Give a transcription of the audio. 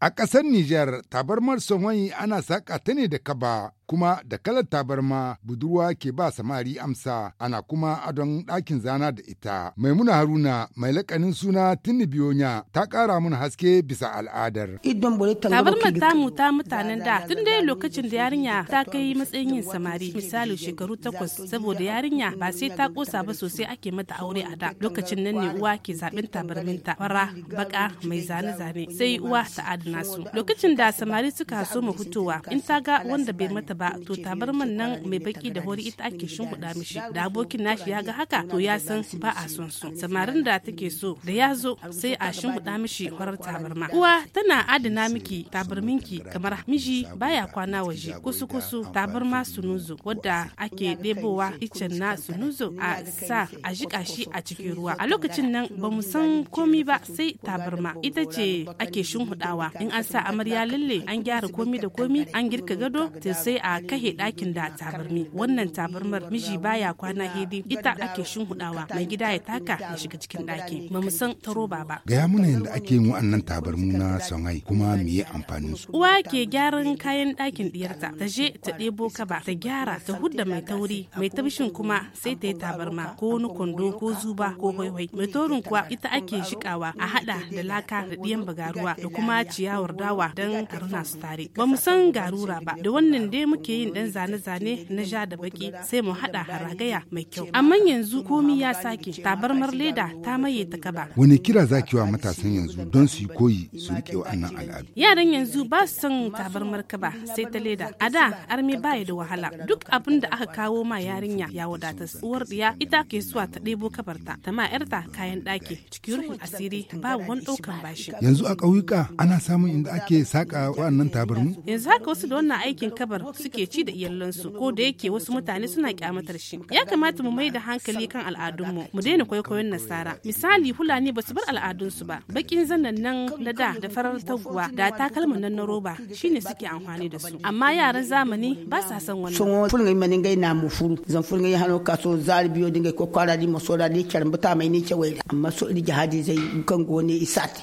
A ƙasar Nijar, tabarmar Somali ana saƙa ta ne da kaba, kuma da kalar tabarma budurwa ke ba samari amsa ana kuma adon ɗakin zana da ita. Maimuna Haruna mai lakanin suna Tinni Biyonya ta ƙara mun haske bisa al'adar. Tabarmar tamu ta mutanen da tun dai lokacin da yarinya ta kai matsayin yin samari misali shekaru takwas saboda yarinya ba sai ta kosa ba sosai ake mata aure a da lokacin nan ne uwa ke zaɓen tabarminta fara baka mai zane-zane sai uwa ta adana su lokacin da samari suka so mu fitowa in ta ga wanda bai mata ba to tabarman nan mai baki da hori ita ake huda mishi da abokin nashi ya ga haka to ya san ba a son su samarin da take so da ya zo sai a huda mishi farar tabarma uwa tana adana miki tabarminki kamar miji baya kwana waje kusu kusu tabarma sunuzo wadda ake ɗebowa icen na sunuzo a sa a jika shi a cikin ruwa a lokacin nan ba mu san komi ba sai tabarma ita ce ake hudawa in an sa amarya lalle an gyara komi da komi an girka gado sai a a kahe ɗakin da tabarmi wannan tabarmar miji baya kwana hedi ita ake hudawa mai gida ya taka ya shiga cikin ɗaki ba mu san ta roba ba. Gaya mana yadda ake yin wa'annan tabarmu na songai kuma me ya amfanin su. Uwa ke gyaran kayan ɗakin ɗiyarta ta je ta ɗebo kaba ta gyara ta hudda mai tauri mai tabshin kuma sai ta yi tabarma ko wani kwando ko zuba ko waiwai. mai taurin kuwa ita ake shikawa a haɗa da laka da ɗiyan bagaruwa da kuma ciyawar dawa don a runa su tare. Ba mu san garura ba da wannan dai muke yin dan zane-zane na ja da baki sai mu haɗa haragaya mai kyau. Amma yanzu komi ya sake tabarmar leda ta maye ta kaba. Wani kira za wa matasan yanzu don su yi koyi su riƙe wa'annan al'adu. Yaran yanzu ba su son tabarmar kaba sai ta leda. A da armi ba da wahala. Duk abin da aka kawo ma yarinya ya wadata uwar diya ita ke zuwa ta debo kabarta ta ma yarta kayan ɗaki cikin ruhun asiri ba wani ɗaukan bashi. Yanzu a ƙauyuka ana samun inda ake saƙa wa'annan tabarmu? Yanzu haka wasu da wannan aikin kabar su suke ci da iyalansu ko da yake wasu mutane suna kyamatar shi ya kamata mu mai da hankali kan al'adun mu mu daina kwaikwayon nasara misali fulani ba su bar al'adunsu ba bakin zannan nan na da da farar taguwa da takalman nan na roba shine suke amfani da su amma yaran zamani ba sa son wannan sun fulnga mani ngai na mu furu zan fulnga hano kaso zarbiyo dinga ko kwara di maso di ni buta mai ni ke amma so di jihadi zai kan gone isat